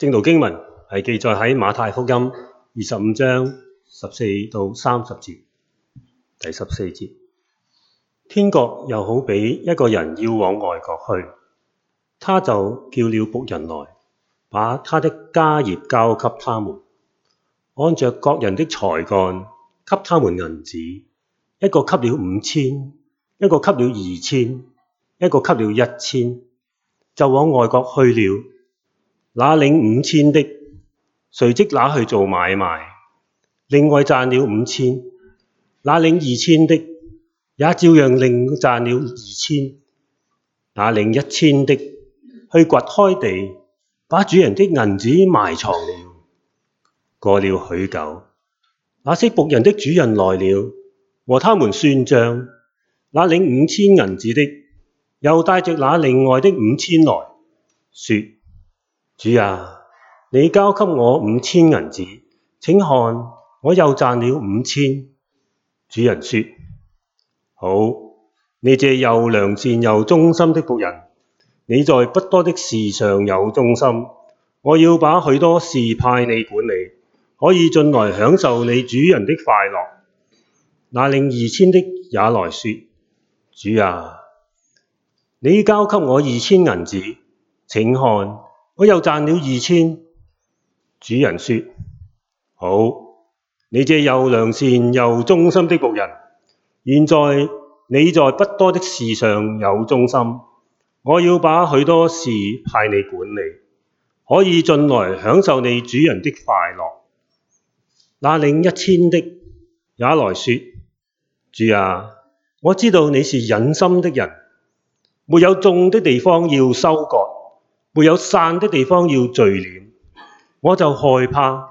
正道經文係記載喺馬太福音二十五章十四到三十節，第十四節：天國又好比一個人要往外國去，他就叫了僕人來，把他的家業交給他們，按著各人的才幹給他們銀子，一個給了五千，一個給了二千，一個給了一千，就往外國去了。那領五千的，隨即拿去做買賣，另外賺了五千。那領二千的，也照樣另賺了二千。那領一千的，去掘開地，把主人的銀子埋藏了。過了許久，那些僕人的主人來了，和他們算賬。那領五千銀子的，又帶着那另外的五千來說。主啊，你交給我五千銀子，請看我又賺了五千。主人說：好，你這又良善又忠心的僕人，你在不多的事上有忠心，我要把許多事派你管理，可以進來享受你主人的快樂。那領二千的也來說：主啊，你交給我二千銀子，請看。我又賺了二千。主人說：好，你這又良善又忠心的僕人，現在你在不多的事上有忠心，我要把許多事派你管理，可以進來享受你主人的快樂。那領一千的也來說：主啊，我知道你是忍心的人，沒有種的地方要收割。沒有散的地方要聚斂，我就害怕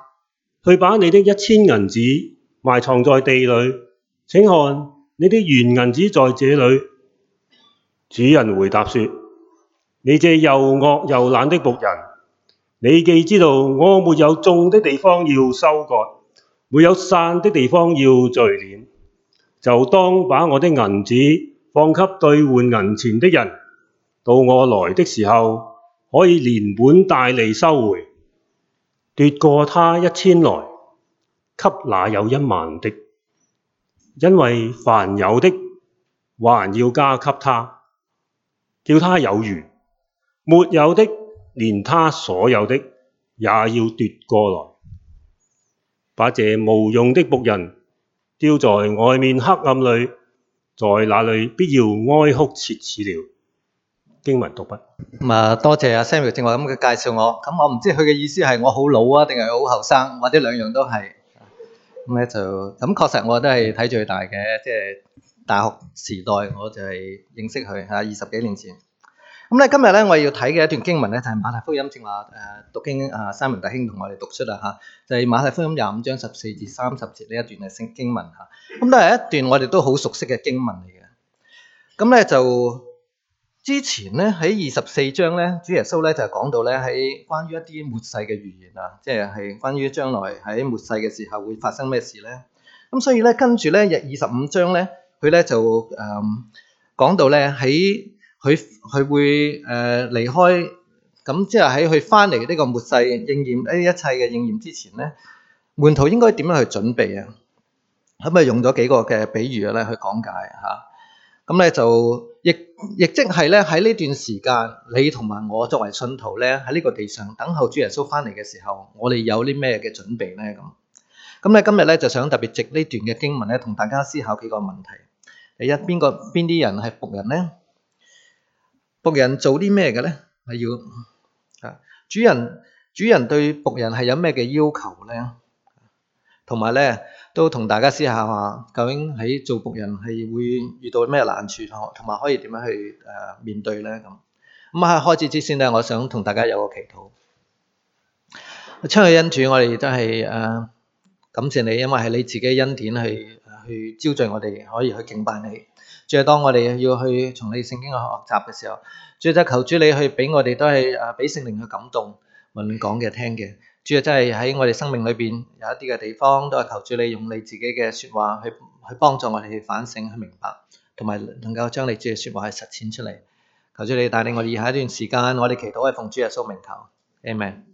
去把你的一千銀子埋藏在地裏。請看，你的原銀子在這裏。主人回答說：你這又惡又懶的僕人，你既知道我沒有種的地方要收割，沒有散的地方要聚斂，就當把我的銀子放給兌換銀錢的人，到我來的時候。可以連本帶利收回，奪過他一千來，給那有一萬的。因為凡有的，還要加給他，叫他有餘；沒有的，連他所有的也要奪過來。把這無用的僕人丟在外面黑暗裏，在那裏必要哀哭切齒了。經文讀不啊！多謝阿 Samuel 正話咁嘅介紹我，咁我唔知佢嘅意思係我好老啊，定係好後生，或者兩樣都係咁咧就咁。確實我都係睇最大嘅，即係大學時代我就係認識佢吓，二十幾年前。咁咧今日咧我要睇嘅一段經文咧就係馬太福音正話誒讀經啊，三文大兄同我哋讀出啦吓，就係馬太福音廿五章十四至三十節呢一段嘅聖經文吓。咁都係一段我哋都好熟悉嘅經文嚟嘅。咁咧就。之前咧喺二十四章咧，主耶穌咧就講到咧喺關於一啲末世嘅預言啊，即係係關於將來喺末世嘅時候會發生咩事咧？咁所以咧跟住咧日二十五章咧，佢咧就誒講到咧喺佢佢會誒離開，咁即係喺佢翻嚟呢個末世應驗呢一切嘅應驗之前咧，門徒應該點樣去準備啊？咁咪用咗幾個嘅比喻咧去講解吓。咁咧就亦亦即係咧喺呢段時間，你同埋我作為信徒咧喺呢個地上等候主耶穌翻嚟嘅時候，我哋有啲咩嘅準備咧？咁咁咧今日咧就想特別藉呢段嘅經文咧，同大家思考幾個問題：第一，邊個邊啲人係僕人咧？僕人做啲咩嘅咧？係要啊！主人主人對僕人係有咩嘅要求咧？同埋咧。都同大家思考下，究竟喺做僕人係會遇到咩難處，同埋可以點樣去誒面對咧咁。咁喺開始之先咧，我想同大家有個祈禱。出去恩主，我哋都係誒感謝你，因為係你自己恩典去去招聚我哋，可以去敬拜你。最係當我哋要去從你聖經去學習嘅時候，最係求主你去俾我哋都係誒俾聖靈去感動，無論講嘅聽嘅。主要真係喺我哋生命裏邊有一啲嘅地方，都係求主你用你自己嘅說話去去幫助我哋去反省、去明白，同埋能夠將你自己嘅說話去實踐出嚟。求主你帶領我哋以下一段時間，我哋祈禱係奉主耶穌名求，阿門。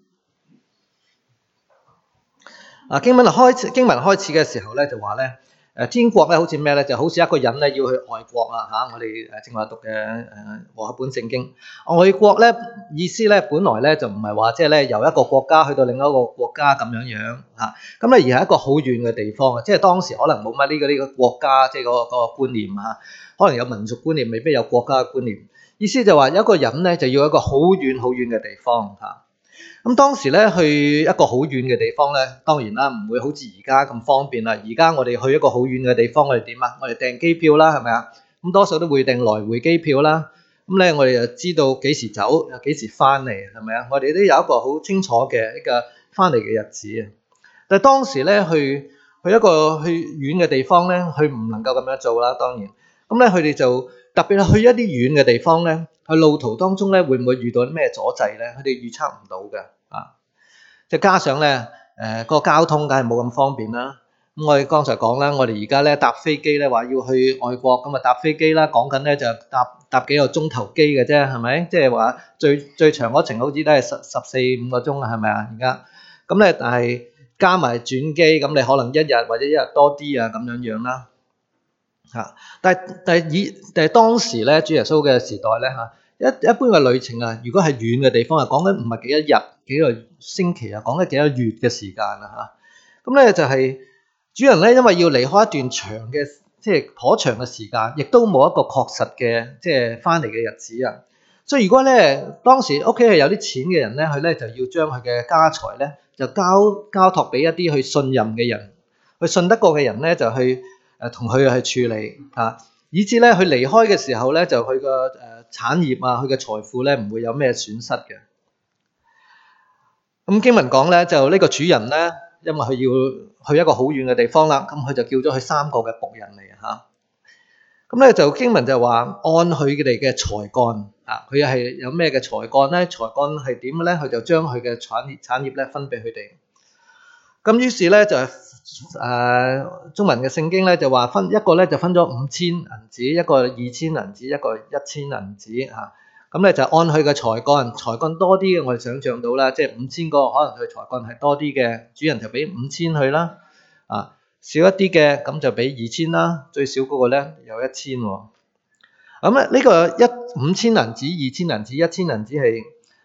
啊，經文啊，開始經文開始嘅時候咧，就話咧。誒天國咧，好似咩咧，就好似一個人咧要去外國啊！嚇，我哋誒正話讀嘅誒和合本聖經，外國咧意思咧，本來咧就唔係話即係咧由一個國家去到另一個國家咁樣樣嚇，咁咧而係一個好遠嘅地方啊！即係當時可能冇乜呢個呢個國家，即係個個觀念嚇，可能有民族觀念，未必有國家嘅觀念。意思就話一個人咧就要一個好遠好遠嘅地方嚇。咁當時咧去一個好遠嘅地方咧，當然啦，唔會好似而家咁方便啦。而家我哋去一個好遠嘅地方，我哋點啊？我哋訂機票啦，係咪啊？咁多數都會訂來回機票啦。咁咧，我哋就知道幾時走，又幾時翻嚟，係咪啊？我哋都有一個好清楚嘅一個翻嚟嘅日子啊。但係當時咧去去一個去遠嘅地方咧，佢唔能夠咁樣做啦。當然，咁咧佢哋就特別去一啲遠嘅地方咧。去路途當中咧，會唔會遇到咩阻滯咧？佢哋預測唔到嘅啊！再加上咧，誒、呃、個交通梗係冇咁方便啦。咁我哋剛才講啦，我哋而家咧搭飛機咧話要去外國，咁啊搭飛機啦，講緊咧就搭搭幾個鐘頭機嘅啫，係咪？即係話最最長嗰程好似都係十十四五個鐘啊，係咪啊？而家咁咧，但係加埋轉機，咁你可能一日或者一日多啲啊，咁樣樣啦。嚇！但係但係以但係當時咧，主耶穌嘅時代咧嚇，一一般嘅旅程啊，如果係遠嘅地方啊，講緊唔係幾多日、幾個星期啊，講緊幾個月嘅時間啦、啊、嚇。咁、嗯、咧就係、是、主人咧，因為要離開一段長嘅，即係頗長嘅時間，亦都冇一個確實嘅，即係翻嚟嘅日子啊。所以如果咧當時屋企係有啲錢嘅人咧，佢咧就要將佢嘅家財咧，就交交託俾一啲去信任嘅人，去信得過嘅人咧就去。同佢去處理嚇，以至咧佢離開嘅時候咧，就佢嘅誒產業啊，佢嘅財富咧唔會有咩損失嘅。咁經文講咧，就呢個主人咧，因為佢要去一個好遠嘅地方啦，咁佢就叫咗佢三個嘅僕人嚟嚇。咁咧就經文就話，按佢哋嘅才幹，啊，佢又係有咩嘅才幹咧？才幹係點嘅咧？佢就將佢嘅產業產業咧分俾佢哋。咁於是咧就。誒、啊、中文嘅聖經咧就話分一個咧就分咗五千銀紙，一個二千銀紙，一個一千銀紙嚇。咁、啊、咧、嗯、就按佢嘅才幹，才幹多啲嘅我哋想象到啦，即係五千個可能佢才幹係多啲嘅，主人就俾五千去啦。啊，少一啲嘅咁就俾二千啦，最少嗰個咧有一千、哦。咁咧呢個一五千銀紙、二千銀紙、一千銀紙係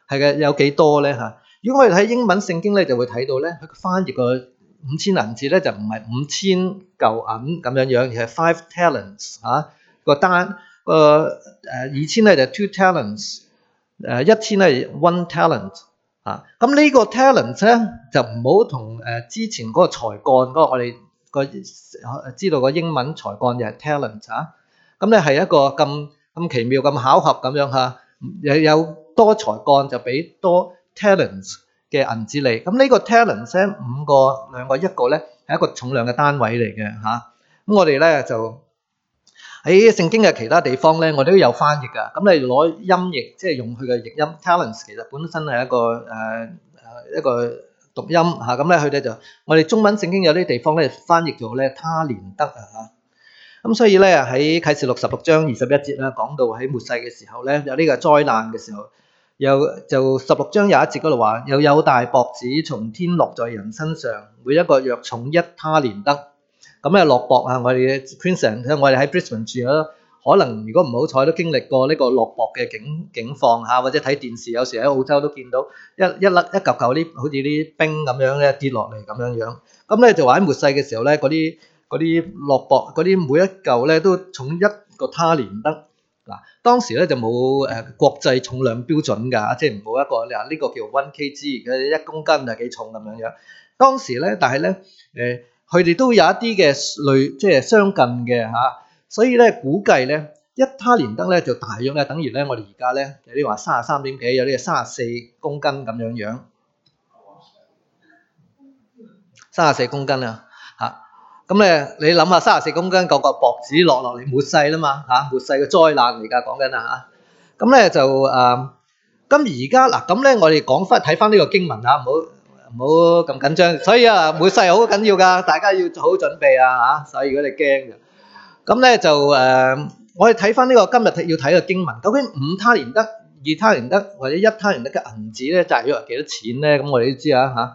係嘅有幾多咧嚇、啊？如果我哋睇英文聖經咧，就會睇到咧佢嘅翻譯個。五千銀字咧就唔係五千舊銀咁樣樣，而係 five talents 嚇個單個誒二千咧就 two talents 誒一千咧 one talent 嚇、啊、咁 tal 呢個 talents 咧就唔好同誒之前嗰個才幹嗰個我哋個知道個英文才幹就係 talents 嚇、啊、咁咧係一個咁咁奇妙咁巧合咁樣嚇，有有多才幹就俾多 talents。嘅銀紙利，咁呢個 talents 咧，五個、兩個、一個咧，係一個重量嘅單位嚟嘅嚇。咁、啊、我哋咧就喺聖經嘅其他地方咧，我都有翻譯噶。咁你攞音譯，即係用佢嘅譯音 talents 其實本身係一個誒、呃、一個讀音嚇。咁咧佢咧就我哋中文聖經有啲地方咧，翻譯咗咧他連得啊嚇。咁所以咧喺啟示錄十六章二十一節啦，講到喺末世嘅時候咧，有呢個災難嘅時候。又就十六章有一節嗰度話，又有大雹子從天落在人身上，每一個約重一他連得。咁咧落雹啊！我哋喺 Princeton，我哋喺 Brisbane 住咗，可能如果唔好彩都經歷過呢個落雹嘅景景況嚇，或者睇電視有時喺澳洲都見到一一粒一嚿嚿啲，好似啲冰咁樣咧跌落嚟咁樣樣。咁咧就話喺末世嘅時候咧，嗰啲嗰啲落雹嗰啲每一嚿咧都重一個他連得。當時咧就冇誒國際重量標準㗎，即係冇一個你話呢個叫 one kg，佢一公斤啊幾重咁樣樣。當時咧，但係咧，誒佢哋都有一啲嘅類即係相近嘅嚇，啊，所以咧估計咧一他連得咧就大約咧等於咧我哋而家咧有啲話三十三點幾，有啲係三十四公斤咁樣樣，三十四公斤啊嚇。啊咁咧、嗯，你諗下三十四公斤個個脖子落落嚟末世啦嘛嚇，末世嘅災、啊、難嚟噶講緊啊嚇。咁、啊、咧、嗯、就誒，咁而家嗱，咁咧、啊嗯嗯、我哋講翻睇翻呢個經文嚇，唔好唔好咁緊張。所以啊，末世好緊要噶，大家要做好準備啊嚇、啊。所以如果你驚嘅，咁咧就誒、啊嗯嗯，我哋睇翻呢個今日要睇嘅經文，究竟五他連得、二他連得或者一他連得嘅銀紙咧，就係約幾多錢咧？咁我哋都知啊嚇嗱。啊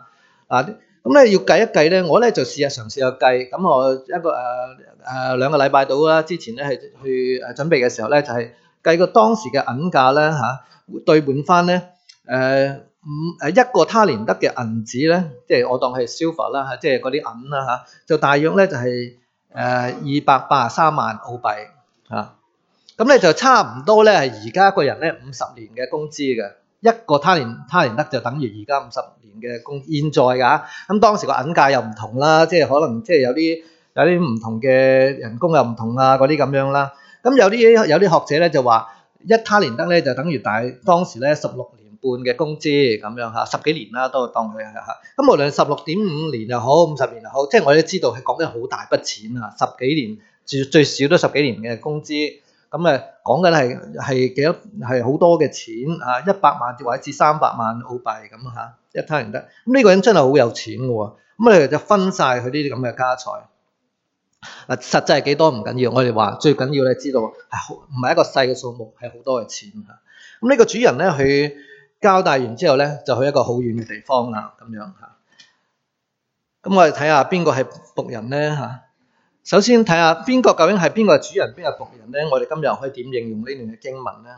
啊啊咁咧、嗯、要計一計咧，我咧就試下，嘗試下計，咁我一個誒誒、呃呃、兩個禮拜到啦，之前咧係去誒準備嘅時候咧，就係計個當時嘅銀價咧嚇、啊，對換翻咧誒五誒一個他連德嘅銀紙咧，即係我當係消 i 啦嚇，即係嗰啲銀啦嚇、啊，就大約咧就係誒二百八啊三萬澳幣嚇，咁、啊、咧就差唔多咧係而家一個人咧五十年嘅工資嘅。一個他年他年得就等於而家五十年嘅工現在㗎，咁當時個銀價又唔同啦，即係可能即係有啲有啲唔同嘅人工又唔同啊，嗰啲咁樣啦。咁有啲有啲學者咧就話一他年得咧就等於大當時咧十六年半嘅工資咁樣嚇，十幾年啦都當佢係嚇。咁無論十六點五年又好，五十年又好，即係我都知道係講緊好大筆錢啊，十幾年最最少都十幾年嘅工資。咁誒講緊係係幾多係好多嘅錢啊，一百萬或者至三百萬澳幣。咁嚇一攤唔得咁呢個人真係好有錢嘅喎，咁你就分晒佢呢啲咁嘅家財。嗱，實際係幾多唔緊要，我哋話最緊要咧知道係好唔係一個細嘅數目，係好多嘅錢嚇。咁、這、呢個主人咧，佢交代完之後咧，就去一個好遠嘅地方啊，咁樣嚇。咁我哋睇下邊個係僕人咧嚇？首先睇下邊個究竟係邊個主人，邊個僕人咧？我哋今日可以點應用呢段嘅經文咧？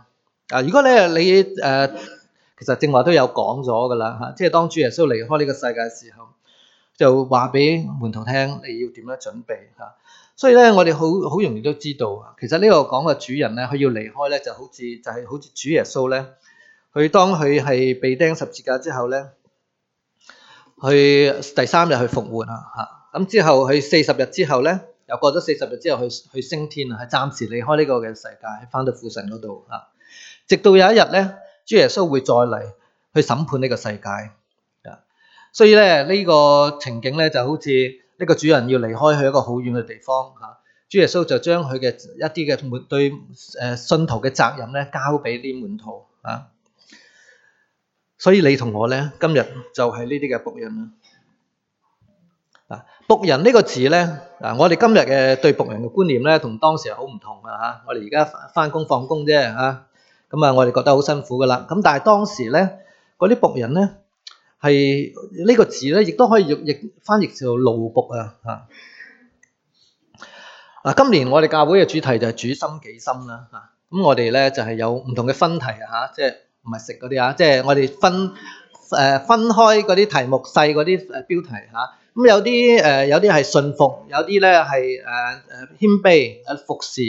啊，如果你你誒、呃，其實正話都有講咗噶啦嚇，即係當主耶穌離開呢個世界嘅時候，就話俾門徒聽你要點樣準備嚇、啊。所以咧，我哋好好容易都知道，其實呢個講嘅主人咧，佢要離開咧，就好似就係、是、好似主耶穌咧，佢當佢係被釘十字架之後咧，去第三日去復活啊嚇。咁、啊、之後佢四十日之後咧。又過咗四十日之後，去去升天啦，係暫時離開呢個嘅世界，翻到父神嗰度啊。直到有一日咧，主耶穌會再嚟去審判呢個世界啊。所以咧，呢個情景咧就好似呢個主人要離開去一個好遠嘅地方嚇，主耶穌就將佢嘅一啲嘅門對信徒嘅責任咧交俾啲門徒啊。所以你同我咧，今日就係呢啲嘅僕人。啊。僕人，人，、啊啊、人呢個字咧，嗱我哋今日嘅對僕人嘅觀念咧，同當時係好唔同嘅嚇。我哋而家返工放工啫嚇，咁啊我哋覺得好辛苦嘅啦。咁但係當時咧，嗰啲僕人咧係呢個字咧，亦都可以用譯翻譯做奴僕啊嚇。嗱、啊，今年我哋教會嘅主題就係主心己心啦嚇。咁、啊、我哋咧就係、是、有唔同嘅分題嚇，即係唔係食嗰啲嚇，即、就、係、是、我哋分誒、啊、分開嗰啲題目細嗰啲標題嚇。啊咁有啲誒，有啲係信服，有啲咧係誒誒謙卑，誒服侍。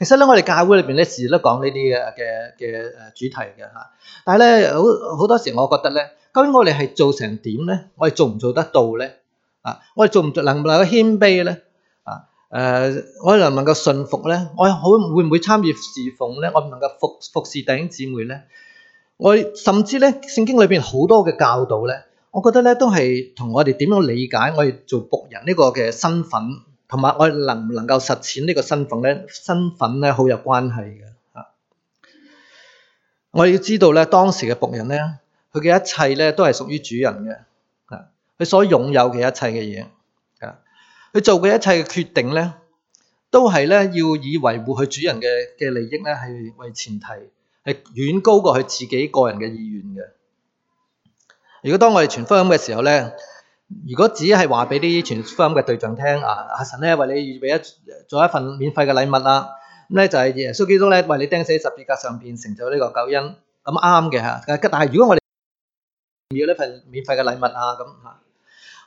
其實咧，我哋教會裏邊咧，時時都講呢啲嘅嘅嘅誒主題嘅嚇。但係咧，好好多時，我覺得咧，究竟我哋係做成點咧？我哋做唔做得到咧？啊，我哋做唔做能夠謙卑咧？啊誒，我能夠信服咧？我好會唔會參與侍奉咧？我唔能夠服服侍弟兄姊妹咧？我甚至咧，聖經裏邊好多嘅教導咧。我覺得咧，都係同我哋點樣理解我哋做僕人呢個嘅身份，同埋我哋能唔能夠實踐呢個身份咧？身份咧好有關係嘅啊！我要知道咧，當時嘅僕人咧，佢嘅一切咧都係屬於主人嘅啊！佢所擁有嘅一切嘅嘢啊，佢做嘅一切嘅決定咧，都係咧要以維護佢主人嘅嘅利益咧係為前提，係遠高過佢自己個人嘅意願嘅。如果當我哋傳福音嘅時候咧，如果只係話俾啲傳福音嘅對象聽啊，阿神咧為你預備一做一份免費嘅禮物啦，咁、啊、咧、嗯、就係、是、耶穌基督咧為你釘死十字架上邊成就呢個救恩，咁啱嘅嚇。但係如果我哋要呢份免費嘅禮物啊，咁、嗯、嚇，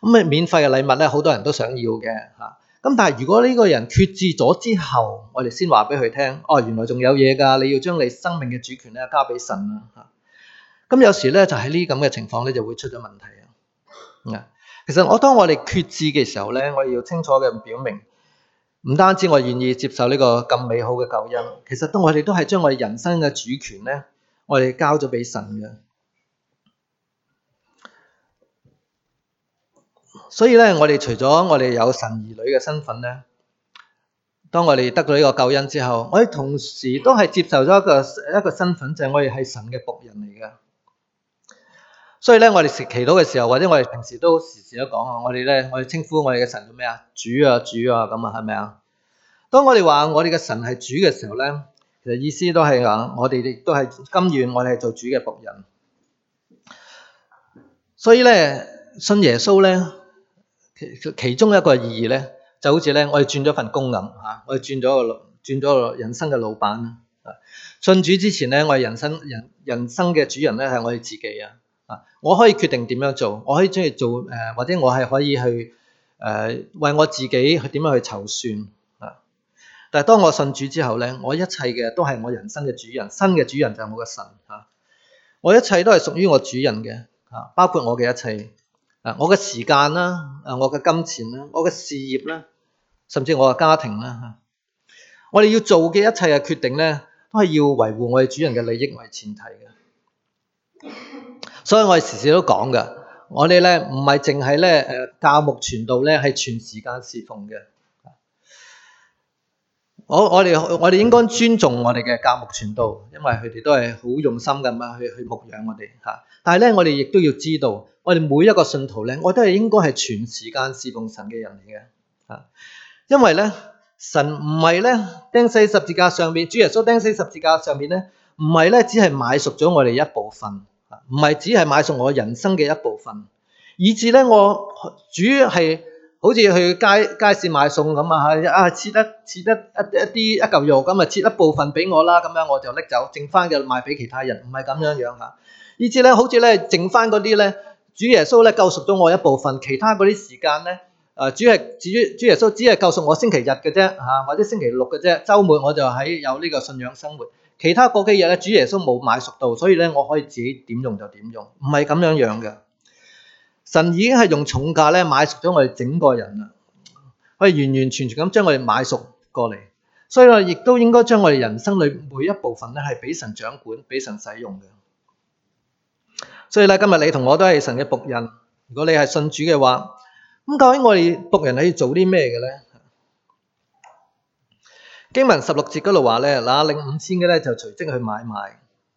咁啊免費嘅禮物咧好多人都想要嘅嚇。咁、啊、但係如果呢個人決志咗之後，我哋先話俾佢聽，哦原來仲有嘢㗎，你要將你生命嘅主權咧交俾神啊嚇。咁有時咧，就喺呢啲咁嘅情況咧，就會出咗問題啊。嗱，其實我當我哋決志嘅時候咧，我哋要清楚嘅表明，唔單止我願意接受呢個咁美好嘅救恩，其實我哋都係將我哋人生嘅主權咧，我哋交咗俾神嘅。所以咧，我哋除咗我哋有神兒女嘅身份咧，當我哋得到呢個救恩之後，我哋同時都係接受咗一個一個身份，就係、是、我哋係神嘅僕人嚟嘅。所以咧，我哋食祈禱嘅時候，或者我哋平時都時時都講啊，我哋咧，我哋稱呼我哋嘅神做咩啊？主啊，主啊，咁啊，係咪啊？當我哋話我哋嘅神係主嘅時候咧，其實意思都係講我哋亦都係甘願，我哋係做主嘅僕人。所以咧，信耶穌咧，其其中一個意義咧，就好似咧，我哋轉咗份工咁吓，我哋轉咗個轉咗人生嘅老闆啦。信主之前咧，我哋人生人人生嘅主人咧係我哋自己啊。啊！我可以決定點樣做，我可以鍾意做誒，或者我係可以去誒、呃、為我自己去點樣去籌算啊！但係當我信主之後咧，我一切嘅都係我人生嘅主人，新嘅主人就係我嘅神啊！我一切都係屬於我主人嘅啊！包括我嘅一切啊，我嘅時間啦，啊，我嘅金錢啦，我嘅事業啦，甚至我嘅家庭啦嚇，啊！我哋要做嘅一切嘅決定咧，都係要維護我哋主人嘅利益為前提嘅。所以我哋時時都講嘅，我哋咧唔係淨係咧誒教牧傳道咧係全時間侍奉嘅。我我哋我哋應該尊重我哋嘅教牧傳道，因為佢哋都係好用心咁樣去去牧養我哋嚇。但係咧，我哋亦都要知道，我哋每一個信徒咧，我都係應該係全時間侍奉神嘅人嚟嘅嚇。因為咧神唔係咧釘死十字架上面，主耶穌釘死十字架上面咧唔係咧只係買贖咗我哋一部分。唔係只係買餸，我人生嘅一部分。以至咧，我主要係好似去街街市買餸咁啊，啊切得切得一一啲一嚿肉，咁啊切一部分俾我啦，咁樣我就拎走，剩翻嘅賣俾其他人，唔係咁樣樣嚇。以至咧，好似咧，剩翻嗰啲咧，主耶穌咧救贖咗我一部分，其他嗰啲時間咧，誒、啊、主係主主耶穌只係救贖我星期日嘅啫，嚇、啊、或者星期六嘅啫，週末我就喺有呢個信仰生活。其他嗰幾日咧，主耶穌冇買贖到，所以咧我可以自己點用就點用，唔係咁樣樣嘅。神已經係用重價咧買贖咗我哋整個人啦，可以完完全全咁將我哋買贖過嚟，所以我亦都應該將我哋人生裏每一部分咧係俾神掌管，俾神使用嘅。所以咧今日你同我都係神嘅僕人，如果你係信主嘅話，咁究竟我哋僕人係要做啲咩嘅咧？經文十六節嗰度話咧，嗱領五千嘅咧就隨即去買賣，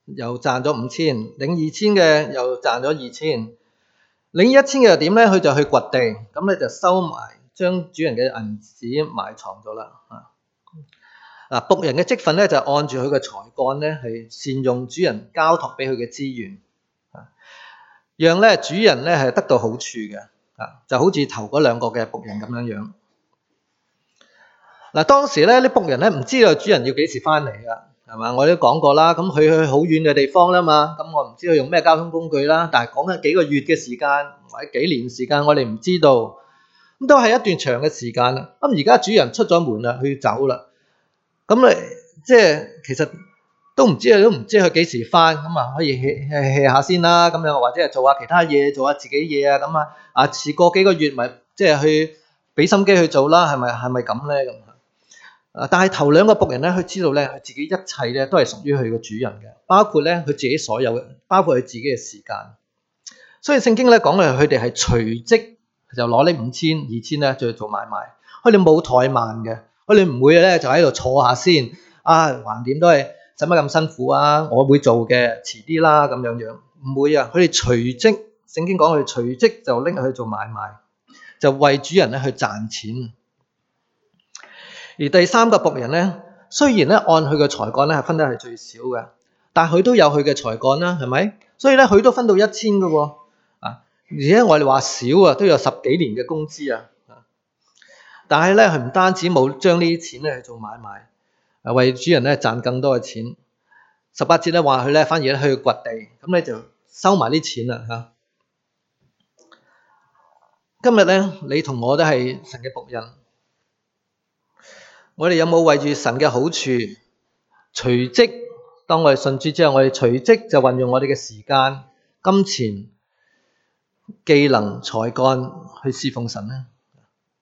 又賺咗五千；領二千嘅又賺咗二千；領一千嘅又點咧？佢就去掘地，咁咧就收埋，將主人嘅銀紙埋藏咗啦。啊，嗱僕人嘅職分咧就按住佢嘅才幹咧，係善用主人交託俾佢嘅資源，啊，讓咧主人咧係得到好處嘅。啊，就好似頭嗰兩個嘅僕人咁樣樣。嗱，當時咧，呢僕人咧唔知道主人要幾時翻嚟㗎，係嘛？我都講過啦，咁佢去好遠嘅地方啦嘛，咁我唔知佢用咩交通工具啦。但係講緊幾個月嘅時間或者幾年時間，我哋唔知道，咁都係一段長嘅時間啦。咁而家主人出咗門啦，佢走啦，咁你即係其實都唔知都唔知佢幾時翻，咁啊可以 hea hea 下先啦，咁樣或者係做下其他嘢，做下自己嘢啊，咁啊啊遲過幾個月咪即係去俾心機去做啦，係咪係咪咁咧咁？啊！但係頭兩個僕人咧，佢知道咧，佢自己一切咧都係屬於佢個主人嘅，包括咧佢自己所有嘅，包括佢自己嘅時間。所以聖經咧講嘅，佢哋係隨即就攞呢五千二千咧，就去做買賣。佢哋冇怠慢嘅，佢哋唔會咧就喺度坐下先。啊，橫掂都係使乜咁辛苦啊！我會做嘅，遲啲啦咁樣樣，唔會啊。佢哋隨即，聖經講佢隨即就拎去做買賣，就為主人咧去賺錢。而第三個僕人咧，雖然咧按佢嘅才幹咧係分得係最少嘅，但係佢都有佢嘅才幹啦，係咪？所以咧佢都分到一千嘅喎，啊！而且我哋話少啊，都有十幾年嘅工資啊，但係咧佢唔單止冇將呢啲錢咧去做買賣，啊為主人咧賺更多嘅錢。十八節咧話佢咧反而咧去掘地，咁咧就收埋啲錢啦嚇、啊。今日咧你同我都係神嘅僕人。我哋有冇為住神嘅好處，隨即當我哋信主之後，我哋隨即就運用我哋嘅時間、金錢、技能、才幹去侍奉神咧。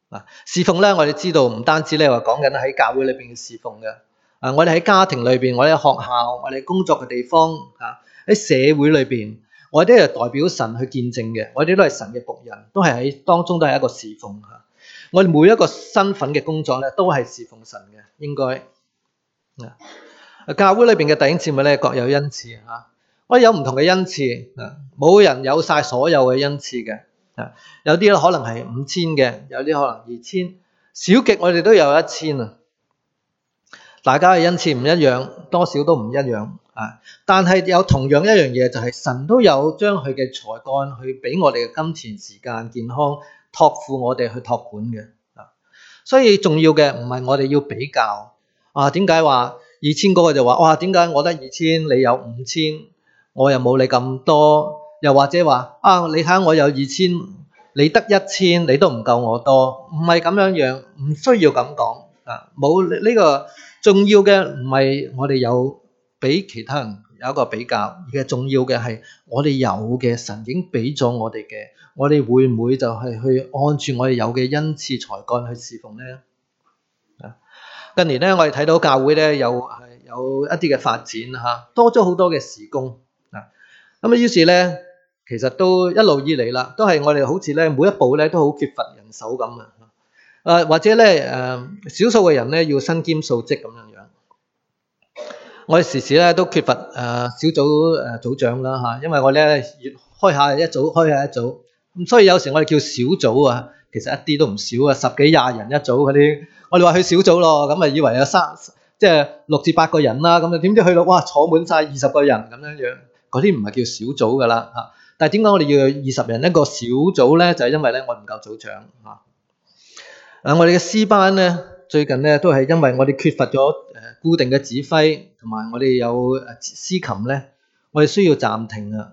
嗱，侍奉咧，我哋知道唔單止你話講緊喺教會裏邊嘅侍奉嘅。啊，我哋喺家庭裏邊，我哋學校，我哋工作嘅地方，吓喺社會裏邊，我哋都係代表神去見證嘅，我哋都係神嘅僕人，都係喺當中都係一個侍奉吓。我哋每一個身份嘅工作咧，都係侍奉神嘅，應該啊。教會裏邊嘅弟兄姊妹咧，各有恩賜嚇、啊。我有唔同嘅恩賜啊，冇人有晒所有嘅恩賜嘅啊。有啲咧可能係五千嘅，有啲可能二千，少極我哋都有一千啊。大家嘅恩賜唔一樣，多少都唔一樣啊。但係有同樣一樣嘢，就係、是、神都有將佢嘅才幹去俾我哋嘅金錢、時間、健康。託付我哋去託管嘅，啊，所以重要嘅唔係我哋要比較啊？點解話二千個就話哇？點解我得二千，你有五千，我又冇你咁多？又或者話啊，你睇我有二千，你得一千，你都唔夠我多？唔係咁樣樣，唔需要咁講啊！冇呢個重要嘅唔係我哋有俾其他人有一個比較，而係重要嘅係我哋有嘅神已經俾咗我哋嘅。我哋會唔會就係去按住我哋有嘅恩賜才幹去侍奉咧？啊，近年咧，我哋睇到教會咧有係有一啲嘅發展嚇，多咗好多嘅事工啊。咁啊於是咧，其實都一路以嚟啦，都係我哋好似咧每一步咧都好缺乏人手咁啊。誒或者咧誒，少數嘅人咧要身兼數職咁樣樣。我哋時時咧都缺乏誒、呃、小組誒、呃、組長啦嚇、啊，因為我咧越開下一組開下一組，開下一組開下一組咁所以有時我哋叫小組啊，其實一啲都唔少啊，十幾廿人一組嗰啲，我哋話去小組咯，咁啊以為有三，即係六至八個人啦，咁啊點知去到哇坐滿晒二十個人咁樣樣，嗰啲唔係叫小組噶啦嚇。但係點解我哋要有二十人一個小組咧？就係因為咧我唔夠組長嚇。嗱，我哋嘅師班咧最近咧都係因為我哋缺乏咗誒固定嘅指揮，同埋我哋有師琴咧，我哋需要暫停啊。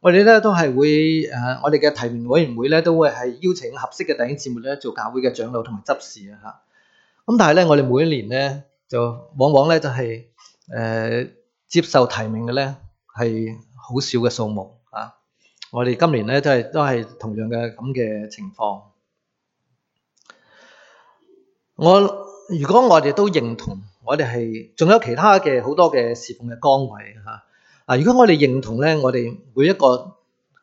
我哋咧都係會誒、啊，我哋嘅提名委員會咧都會係邀請合適嘅弟兄姊妹咧做教會嘅長老同埋執事啊嚇。咁但係咧，我哋每一年咧就往往咧就係、是、誒、呃、接受提名嘅咧係好少嘅數目啊。我哋今年咧都係都係同樣嘅咁嘅情況。我如果我哋都認同，我哋係仲有其他嘅好多嘅侍奉嘅崗位嚇。啊嗱，如果我哋認同咧，我哋每一個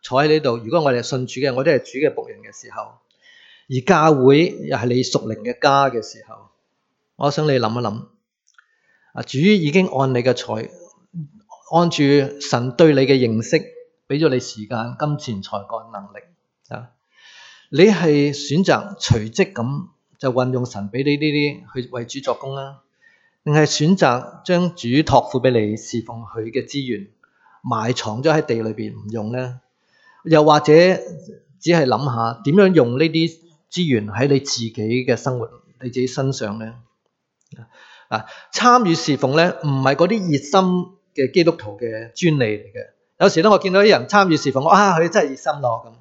坐喺呢度，如果我哋信主嘅，我哋係主嘅僕人嘅時候，而教會又係你屬靈嘅家嘅時候，我想你諗一諗，啊，主已經按你嘅才，按住神對你嘅認識，俾咗你時間、金錢、才幹、能力啊，你係選擇隨即咁就運用神俾你呢啲去為主作工啦，定係選擇將主托付俾你，侍奉佢嘅資源？埋藏咗喺地裏邊唔用咧，又或者只係諗下點樣用呢啲資源喺你自己嘅生活、你自己身上咧？啊，參與侍奉咧，唔係嗰啲熱心嘅基督徒嘅專利嚟嘅。有時咧，我見到啲人參與侍奉，啊，佢真係熱心咯，咁，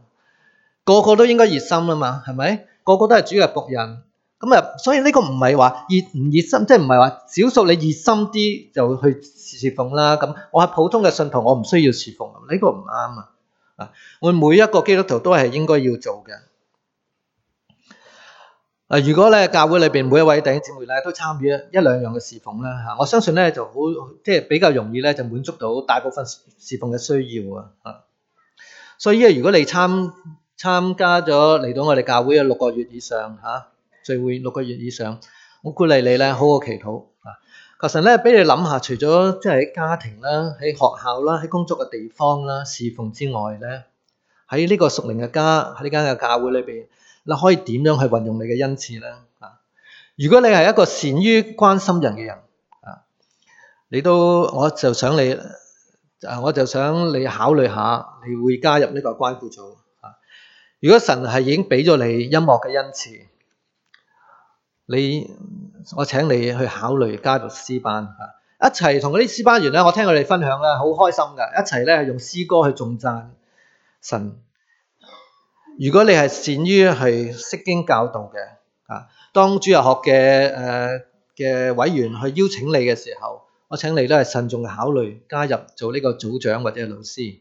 個個都應該熱心吖嘛，係咪？個個都係主嘅僕人。咁啊，所以呢個唔係話熱唔熱心，即係唔係話少數你熱心啲就去侍奉啦。咁我係普通嘅信徒，我唔需要侍奉，呢個唔啱啊,啊！我每一個基督徒都係應該要做嘅。嗱、啊，如果咧教會裏邊每一位弟兄姊妹咧都參與一兩樣嘅侍奉咧，吓、啊，我相信咧就好即係比較容易咧就滿足到大部分侍奉嘅需要啊。所以呢，如果你參參加咗嚟到我哋教會嘅六個月以上吓。啊聚會六個月以上，我鼓勵你咧，好好祈禱啊！其實咧，俾你諗下，除咗即係喺家庭啦、喺學校啦、喺工作嘅地方啦侍奉之外咧，喺呢個屬靈嘅家，喺呢間嘅教會裏邊，你可以點樣去運用你嘅恩賜咧？啊！如果你係一個善於關心人嘅人啊，你都我就想你啊，我就想你考慮下，你會加入呢個關顧組啊！如果神係已經俾咗你音樂嘅恩賜。你我請你去考慮加入詩班啊！一齊同嗰啲詩班員咧，我聽佢哋分享咧，好開心噶！一齊咧用詩歌去頌讚神。如果你係善於係釋經教導嘅啊，當主日學嘅誒嘅委員去邀請你嘅時候，我請你都係慎重考慮加入做呢個組長或者老師。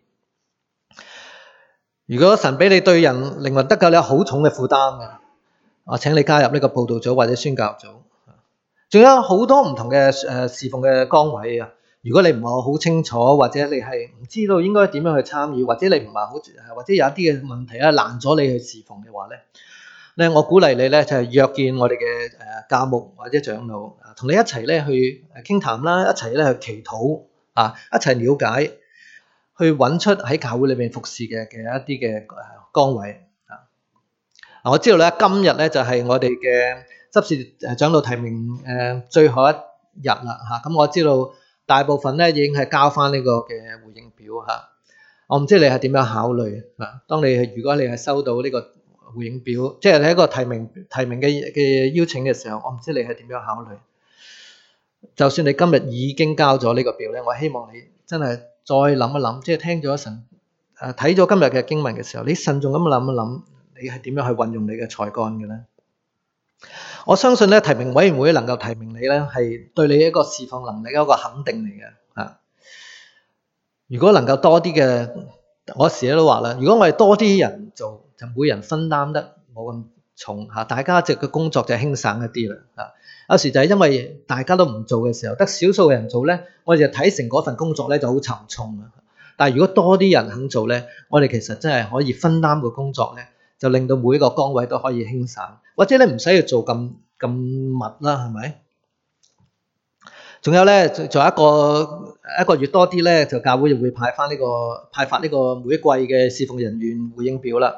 如果神俾你對人靈魂得救，你有好重嘅負擔嘅。我請你加入呢個報道組或者宣教組，仲有好多唔同嘅誒侍奉嘅崗位啊。如果你唔係好清楚，或者你係唔知道應該點樣去參與，或者你唔係好，或者有一啲嘅問題啊，難咗你去侍奉嘅話咧，咧我鼓勵你咧就係約見我哋嘅誒教牧或者長老啊，同你一齊咧去傾談啦，一齊咧去祈禱啊，一齊了解，去揾出喺教會裏面服侍嘅嘅一啲嘅崗位。我知道咧，今日咧就係我哋嘅執事誒掌道提名誒最後一日啦嚇。咁我知道大部分咧已經係交翻呢個嘅回應表嚇。我唔知你係點樣考慮嚇。當你如果你係收到呢個回應表，即係你一個提名提名嘅嘅邀請嘅時候，我唔知你係點樣考慮。就算你今日已經交咗呢個表咧，我希望你真係再諗一諗，即係聽咗一陣誒睇咗今日嘅經文嘅時候，你慎重咁諗一諗。你係點樣去運用你嘅才幹嘅咧？我相信咧，提名委員會能夠提名你咧，係對你一個侍奉能力一個肯定嚟嘅啊。如果能夠多啲嘅，我時日都話啦，如果我哋多啲人做，就每人分擔得冇咁重嚇、啊，大家隻嘅工作就輕省一啲啦啊。有時就係因為大家都唔做嘅時候，得少數人做咧，我哋就睇成嗰份工作咧就好沉重啊。但係如果多啲人肯做咧，我哋其實真係可以分擔個工作咧。就令到每一個崗位都可以輕省，或者咧唔使要做咁咁密啦，係咪？仲有咧，仲有一個一個月多啲咧，就教會會派翻呢個派發呢個每一季嘅侍奉人員回應表啦。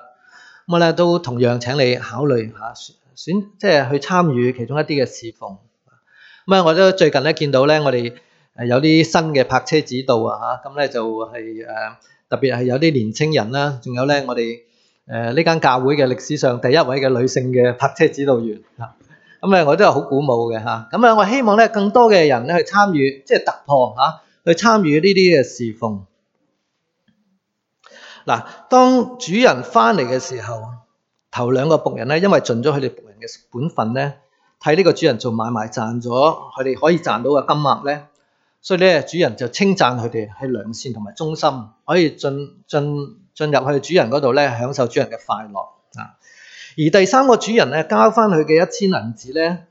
咁咧都同樣請你考慮嚇選，即係去參與其中一啲嘅侍奉。咁啊，我都最近咧見到咧，我哋誒有啲新嘅泊車指導啊，嚇咁咧就係誒特別係有啲年青人啦，仲有咧，我哋。誒呢間教會嘅歷史上第一位嘅女性嘅泊車指導員嚇，咁、啊、咧我都係好鼓舞嘅嚇。咁啊，我希望咧更多嘅人咧去參與，即係突破嚇、啊，去參與呢啲嘅侍奉。嗱、啊，當主人翻嚟嘅時候，頭兩個僕人咧，因為盡咗佢哋僕人嘅本分咧，替呢個主人做買賣賺咗佢哋可以賺到嘅金額咧，所以咧主人就稱讚佢哋係良善同埋忠心，可以盡盡。進入去主人嗰度咧，享受主人嘅快樂啊！而第三個主人咧，交翻佢嘅一千銀子咧，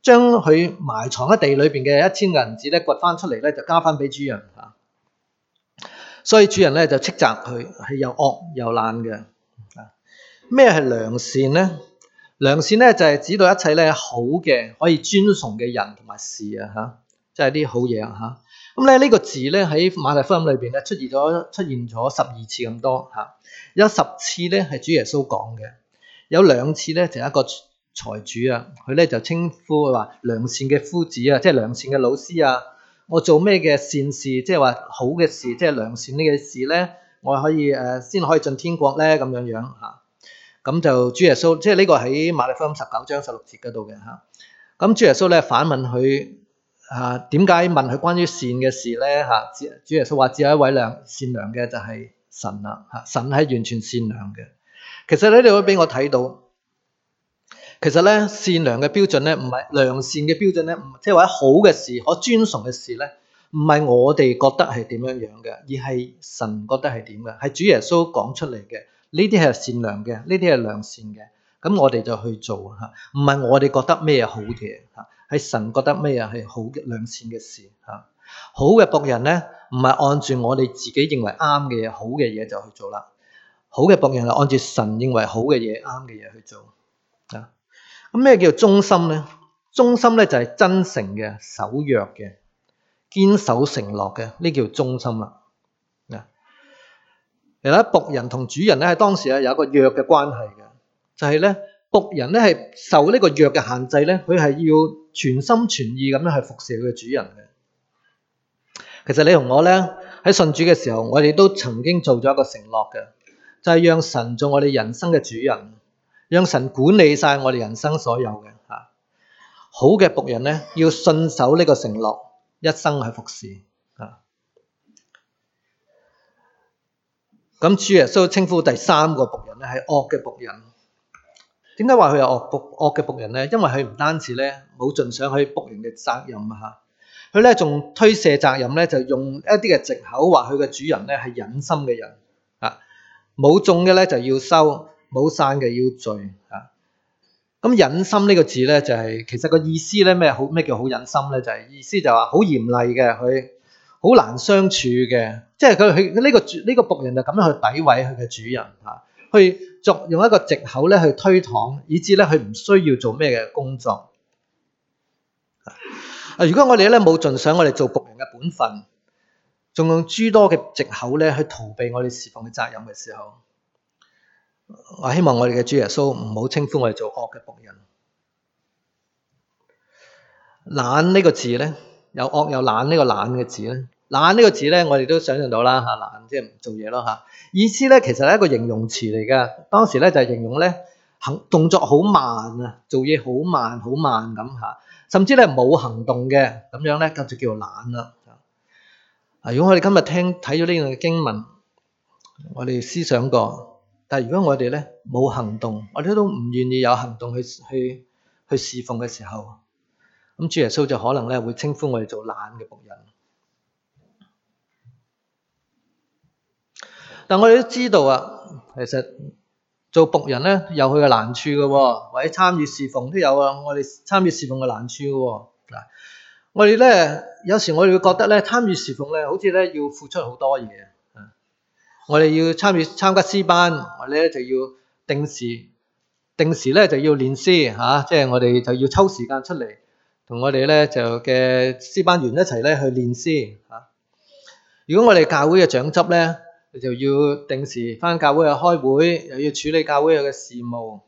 將佢埋藏喺地裏邊嘅一千銀子咧，掘翻出嚟咧，就交翻俾主人啊！所以主人咧就斥責佢，係又惡又懶嘅啊！咩係良善咧？良善咧就係指導一切咧好嘅，可以尊崇嘅人同埋事啊！嚇、就是，即係啲好嘢啊！嚇。咁咧呢個字咧喺馬太福音裏邊咧出現咗出現咗十二次咁多嚇，有十次咧係主耶穌講嘅，有兩次咧就係一個財主啊，佢咧就稱呼佢話良善嘅夫子啊，即係良善嘅老師啊，我做咩嘅善事，即係話好嘅事，即係良善呢嘅事咧，我可以誒先可以進天國咧咁樣樣嚇，咁就主耶穌即係呢個喺馬太福音十九章十六節嗰度嘅嚇，咁主耶穌咧反問佢。啊，點解問佢關於善嘅事咧？吓，主耶穌話只有一位良善良嘅就係神啦。吓，神係完全善良嘅。其實你哋會俾我睇到，其實咧善良嘅標準咧，唔係良善嘅標準咧，即係話好嘅事，可尊崇嘅事咧，唔係我哋覺得係點樣樣嘅，而係神覺得係點嘅，係主耶穌講出嚟嘅。呢啲係善良嘅，呢啲係良善嘅。咁我哋就去做吓，唔係我哋覺得咩好嘅吓。係神覺得咩嘢係好良善嘅事嚇，好嘅僕人咧，唔係按住我哋自己認為啱嘅嘢、好嘅嘢就去做啦。好嘅僕人係按照神認為好嘅嘢、啱嘅嘢去做啊。咁咩叫忠心咧？忠心咧就係真誠嘅、守約嘅、堅守承諾嘅，呢叫忠心啦。嚟、啊、啦，僕人同主人咧喺當時咧有一個約嘅關係嘅，就係咧僕人咧係受呢個約嘅限制咧，佢係要。全心全意咁樣去服侍佢嘅主人嘅。其實你同我咧喺信主嘅時候，我哋都曾經做咗一個承諾嘅，就係讓神做我哋人生嘅主人，讓神管理晒我哋人生所有嘅。吓，好嘅仆人咧要信守呢個承諾，一生去服侍。啊，咁主耶穌稱呼第三個僕人咧係惡嘅僕人。點解話佢係惡僕，惡嘅僕人咧？因為佢唔單止咧冇盡上去僕人嘅責任啊！嚇，佢咧仲推卸責任咧，就用一啲嘅藉口話佢嘅主人咧係忍心嘅人啊！冇種嘅咧就要收，冇散嘅要聚啊！咁、啊、忍、啊、心呢個字咧就係其實個意思咧咩？好咩叫好忍心咧？就係、是、意思就話好嚴厲嘅佢，好難相處嘅。即係佢佢呢個呢、這個僕、這個、人就咁樣去詆毀佢嘅主人啊！去、啊。啊啊作用一個藉口咧去推搪，以致咧佢唔需要做咩嘅工作。啊，如果我哋咧冇盡上我哋做僕人嘅本分，仲用諸多嘅藉口咧去逃避我哋侍奉嘅責任嘅時候，我希望我哋嘅主耶穌唔好稱呼我哋做惡嘅僕人。懶呢個字咧，有惡有懶呢個懶嘅字咧。懶呢個字咧，我哋都想象到啦嚇，懶即係唔做嘢咯嚇。意思咧，其實係一個形容詞嚟嘅。當時咧就係形容咧行動作好慢啊，做嘢好慢好慢咁嚇，甚至咧冇行動嘅咁樣咧，就叫做懶啦。如果我哋今日聽睇咗呢樣經文，我哋思想過，但係如果我哋咧冇行動，我哋都唔願意有行動去去去侍奉嘅時候，咁主耶穌就可能咧會稱呼我哋做懶嘅僕人。但我哋都知道啊，其實做僕人咧有佢嘅難處嘅，或者參與侍奉都有啊。我哋參與侍奉嘅難處嘅嗱，我哋咧有時我哋會覺得咧參與侍奉咧好似咧要付出好多嘢啊。我哋要參與參加詩班，或者咧就要定時定時咧就要練詩嚇，即、啊、係、就是、我哋就要抽時間出嚟同我哋咧就嘅詩班員一齊咧去練詩嚇、啊。如果我哋教會嘅長執咧，就要定時返教會去開會，又要處理教會嘅事務。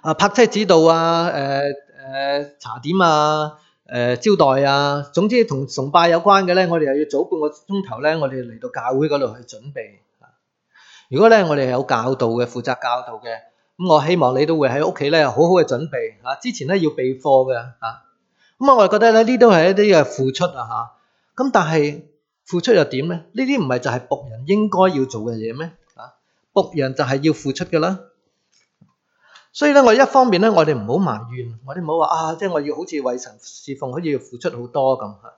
啊，泊車指導啊，誒、呃、誒、呃、茶點啊，誒、呃、招待啊，總之同崇拜有關嘅咧，我哋又要早半個鐘頭咧，我哋嚟到教會嗰度去準備。如果咧我哋係有教導嘅，負責教導嘅，咁我希望你都會喺屋企咧好好嘅準備。啊，之前咧要備課嘅。啊，咁我覺得咧呢都係一啲嘅付出啊。嚇，咁但係。付出又點咧？呢啲唔係就係僕人應該要做嘅嘢咩？啊，僕人就係要付出㗎啦。所以咧，我一方面咧，我哋唔好埋怨，我哋唔好話啊，即係我要好似為神侍奉，好似要付出好多咁啊。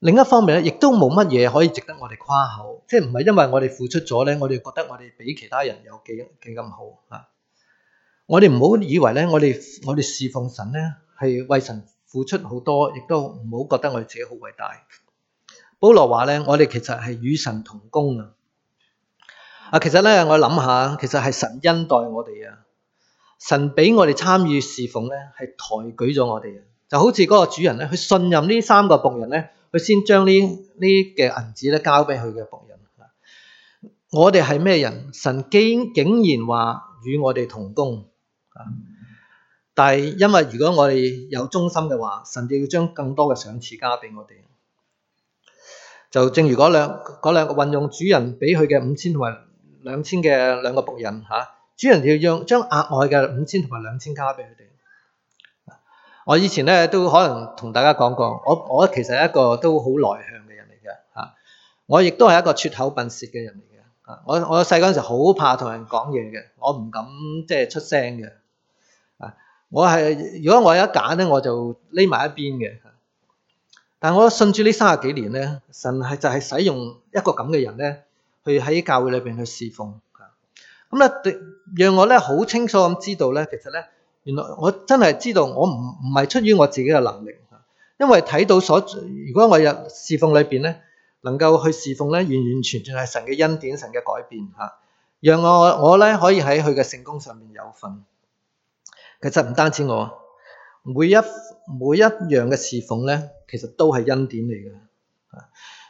另一方面咧，亦都冇乜嘢可以值得我哋誇口，即係唔係因為我哋付出咗咧，我哋覺得我哋比其他人有幾幾咁好啊。我哋唔好以為咧，我哋我哋侍奉神咧係為神付出好多，亦都唔好覺得我哋自己好偉大。保羅話咧，我哋其實係與神同工啊！啊，其實咧，我諗下，其實係神恩待我哋啊！神俾我哋參與侍奉咧，係抬舉咗我哋啊！就好似嗰個主人咧，佢信任呢三個僕人咧，佢先將呢呢嘅銀子咧交俾佢嘅僕人。啊、我哋係咩人？神竟竟然話與我哋同工啊！但係因為如果我哋有忠心嘅話，神就要將更多嘅賞賜交俾我哋。就正如嗰兩嗰兩個運用主人俾佢嘅五千同埋兩千嘅兩個僕人嚇、啊，主人要讓將額外嘅五千同埋兩千加俾佢哋。我以前咧都可能同大家講過，我我其實係一個都好內向嘅人嚟嘅嚇，我亦都係一個出口笨舌嘅人嚟嘅嚇。我我細嗰陣時好怕同人講嘢嘅，我唔敢即係出聲嘅。啊，我係、啊、如果我有一揀咧，我就匿埋一邊嘅。啊但我信住呢三十幾年咧，神係就係使用一個咁嘅人咧，去喺教會裏邊去侍奉。咁、嗯、咧，讓我咧好清楚咁知道咧，其實咧，原來我真係知道我唔唔係出於我自己嘅能力，因為睇到所如果我入侍奉裏邊咧，能夠去侍奉咧，完完全全係神嘅恩典、神嘅改變吓、嗯，讓我我咧可以喺佢嘅聖工上面有份。其實唔單止我，每一。每一樣嘅侍奉咧，其實都係恩典嚟嘅。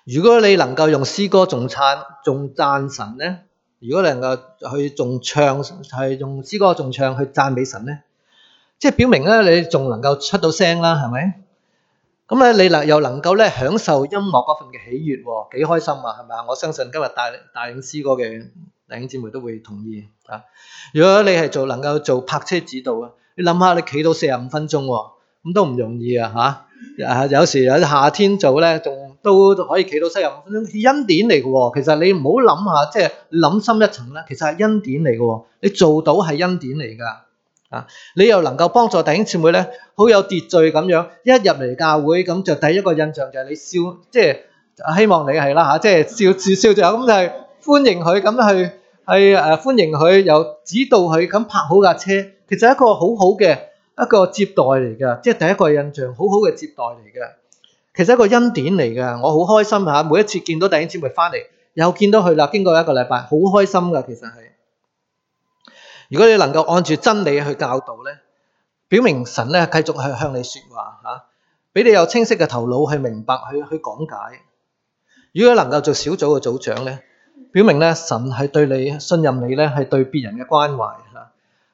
如果你能夠用詩歌仲讚仲讚神咧，如果你能夠去仲唱係用詩歌仲唱去讚美神咧，即係表明咧你仲能夠出到聲啦，係咪？咁咧你能又能夠咧享受音樂嗰份嘅喜悅喎，幾開心啊，係咪啊？我相信今日帶帶領詩歌嘅弟兄姊妹都會同意啊。如果你係做能夠做泊車指導啊，你諗下你企到四十五分鐘喎。咁都唔容易啊嚇！啊，有時喺夏天做咧，仲都可以企到四十五分鐘，恩典嚟嘅喎。其實你唔好諗下，即係諗深一層咧，其實係恩典嚟嘅喎。你做到係恩典嚟噶，啊，你又能夠幫助弟兄姊妹咧，好有秩序咁樣，一入嚟教會咁就第一個印象就係你笑，即係希望你係啦嚇，即係笑笑笑就咁就係歡迎佢咁去係誒歡迎佢，又指導佢咁泊好架車，其實一個好好嘅。一個接待嚟噶，即係第一個印象，好好嘅接待嚟噶。其實一個恩典嚟噶，我好開心吓，每一次見到弟兄姊妹返嚟，又見到佢啦，經過一個禮拜，好開心噶。其實係，如果你能夠按住真理去教導咧，表明神咧繼續去向你說話吓，俾你有清晰嘅頭腦去明白去去講解。如果能夠做小組嘅組長咧，表明咧神係對你信任你咧係對別人嘅關懷。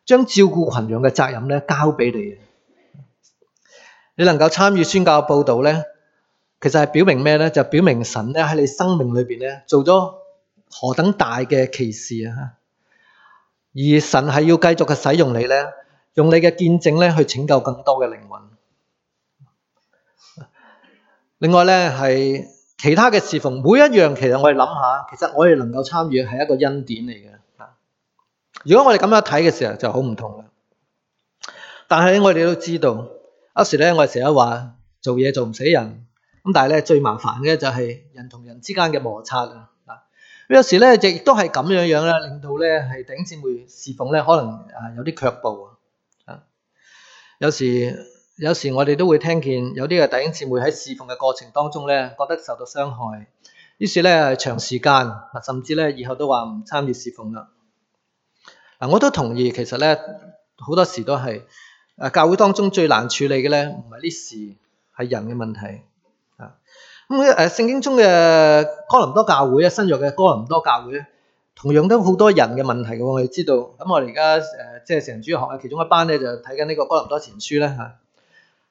將照顧群羊嘅責任咧交俾你，你能夠參與宣教報道咧，其實係表明咩咧？就表明神咧喺你生命裏邊咧做咗何等大嘅歧事啊！而神係要繼續嘅使用你咧，用你嘅見證咧去拯救更多嘅靈魂。另外咧係其他嘅侍奉，每一樣其實我哋諗下，其實我哋能夠參與係一個恩典嚟嘅。如果我哋咁樣睇嘅時候，就好唔同啦。但係我哋都知道，有時咧，我哋成日話做嘢做唔死人，咁但係咧，最麻煩嘅就係人同人之間嘅摩擦啊！啊，有時咧亦都係咁樣樣咧，令到咧係弟兄姊妹侍奉咧，可能啊有啲卻步啊。有時有時我哋都會聽見有啲嘅弟兄姊妹喺侍奉嘅過程當中咧，覺得受到傷害，於是咧長時間、啊、甚至咧以後都話唔參與侍奉啦。啊，我都同意，其實咧好多時都係啊，教會當中最難處理嘅咧，唔係呢事，係人嘅問題啊。咁誒聖經中嘅哥林多教會啊，新約嘅哥林多教會，同樣都好多人嘅問題嘅，我哋知道。咁我哋而家誒即係成主學嘅其中一班咧，就睇緊呢個哥林多前書咧嚇。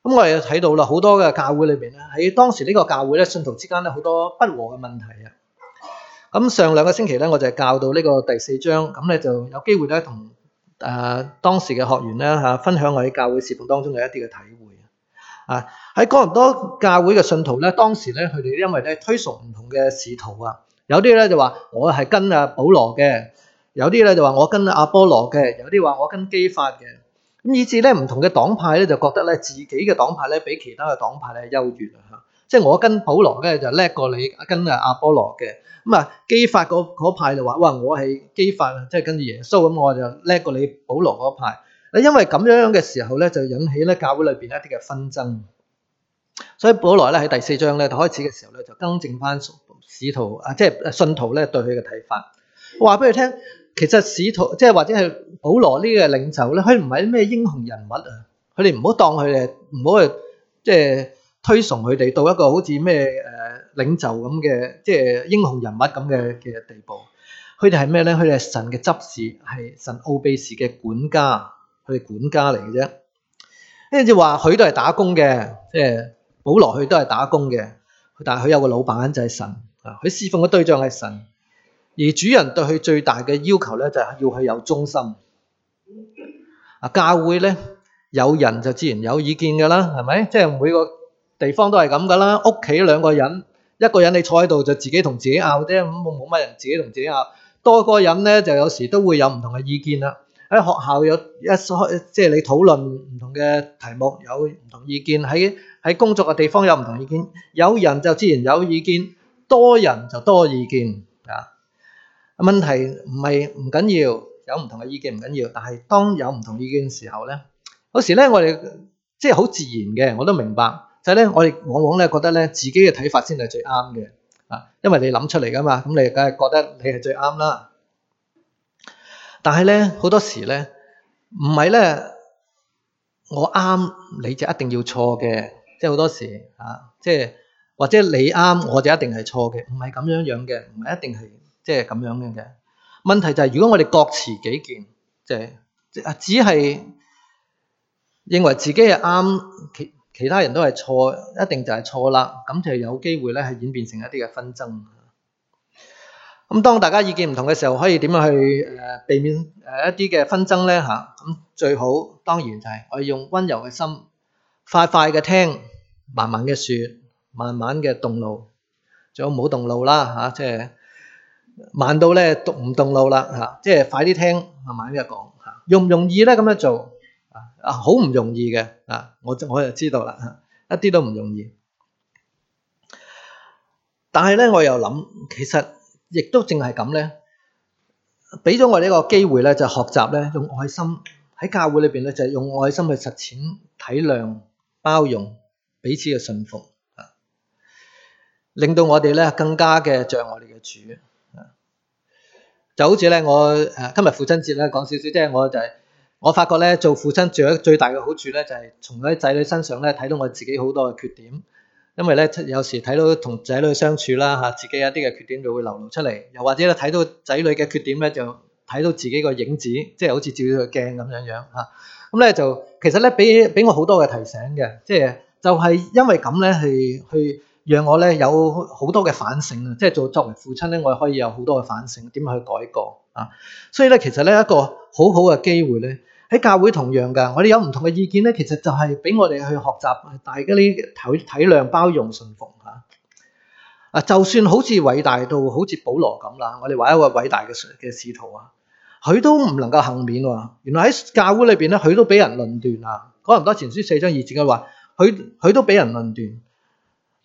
咁、啊、我哋睇到啦，好多嘅教會裏邊咧，喺當時呢個教會咧，信徒之間咧好多不和嘅問題啊。咁上兩個星期咧，我就教到呢個第四章，咁咧就有機會咧同誒當時嘅學員咧嚇分享我喺教會事奉當中嘅一啲嘅體會啊！喺哥林多教會嘅信徒咧，當時咧佢哋因為咧推崇唔同嘅使徒啊，有啲咧就話我係跟阿保羅嘅，有啲咧就話我跟阿波羅嘅，有啲話我跟基法嘅，咁以至咧唔同嘅黨派咧就覺得咧自己嘅黨派咧比其他嘅黨派咧優越。即係我跟保羅咧就叻過你跟啊阿波羅嘅，咁啊基法嗰派就話，哇！我係基法啊，即係跟住耶穌咁，我就叻過你保羅嗰派。因為咁樣樣嘅時候咧，就引起咧教會裏邊一啲嘅紛爭。所以保羅咧喺第四章咧，開始嘅時候咧就更正翻使徒啊，即係信徒咧對佢嘅睇法。話俾你聽，其實使徒即係或者係保羅呢個領袖咧，佢唔係咩英雄人物啊，佢哋唔好當佢哋唔好去。即係。推崇佢哋到一個好似咩誒領袖咁嘅，即係英雄人物咁嘅嘅地步。佢哋係咩咧？佢哋係神嘅執事，係神奧秘事嘅管家，佢哋管家嚟嘅啫。跟住話，佢都係打工嘅，即係保羅，佢都係打工嘅。但係佢有個老闆就係神啊，佢侍奉嘅對象係神，而主人對佢最大嘅要求咧，就係要佢有忠心。啊，教會咧有人就自然有意見㗎啦，係咪？即係每個。地方都係咁噶啦，屋企兩個人，一個人你坐喺度就自己同自己拗啫，咁冇冇乜人自己同自己拗。多個人咧，就有時都會有唔同嘅意見啦。喺學校有一開，即係你討論唔同嘅題目，有唔同意見；喺喺工作嘅地方有唔同意見。有人就自然有意見，多人就多意見啊。問題唔係唔緊要，有唔同嘅意見唔緊要，但係當有唔同意見嘅時候咧，有時咧我哋即係好自然嘅，我都明白。但係咧，我哋往往咧覺得咧自己嘅睇法先係最啱嘅啊，因為你諗出嚟噶嘛，咁你梗係覺得你係最啱啦。但係咧好多時咧唔係咧我啱，你就一定要錯嘅，即係好多時啊，即係或者你啱，我就一定係錯嘅，唔係咁樣樣嘅，唔係一定係即係咁樣樣嘅。問題就係、是、如果我哋各持己見，即係只係認為自己係啱其他人都係錯，一定就係錯啦，咁就有機會咧係演變成一啲嘅紛爭。咁當大家意見唔同嘅時候，可以點樣去誒避免誒一啲嘅紛爭咧？嚇，咁最好當然就係我用溫柔嘅心，快快嘅聽，慢慢嘅説，慢慢嘅動怒，仲有冇動怒啦？嚇，即係慢到咧動唔動怒啦？嚇，即係快啲聽，慢慢嘅講嚇，容唔容易咧咁樣做？啊，好唔容易嘅啊，我我就知道啦，啊，一啲都唔容易。但係咧，我又諗，其實亦都淨係咁咧，俾咗我呢個機會咧，就學習咧，用愛心喺教會裏邊咧，就係，用愛心去實踐體諒、包容彼此嘅信服啊，令到我哋咧更加嘅像我哋嘅主，啊，就好似咧，我誒，啊，今日父親節咧，講少少，即、就、係、係、我就係、係。我發覺咧，做父親最最大嘅好處咧，就係、是、從喺仔女身上咧睇到我自己好多嘅缺點，因為咧有時睇到同仔女相處啦吓，自己有啲嘅缺點就會流露出嚟，又或者咧睇到仔女嘅缺點咧，就睇到自己個影子，即係好似照個鏡咁樣樣吓。咁、啊、咧、嗯、就其實咧俾俾我好多嘅提醒嘅，即係就係、是、因為咁咧，係去讓我咧有好多嘅反省啊！即係做作為父親咧，我可以有好多嘅反省，點樣去改過啊？所以咧，其實咧一個好好嘅機會咧。喺教會同樣噶，我哋有唔同嘅意見咧，其實就係俾我哋去學習大家呢體體諒、包容、順服嚇。啊，就算好似偉大到好似保羅咁啦，我哋話一個偉大嘅嘅使徒啊，佢都唔能夠幸免喎。原來喺教會裏邊咧，佢都俾人論斷啊。可能唔多前書四章二節嘅話，佢佢都俾人論斷。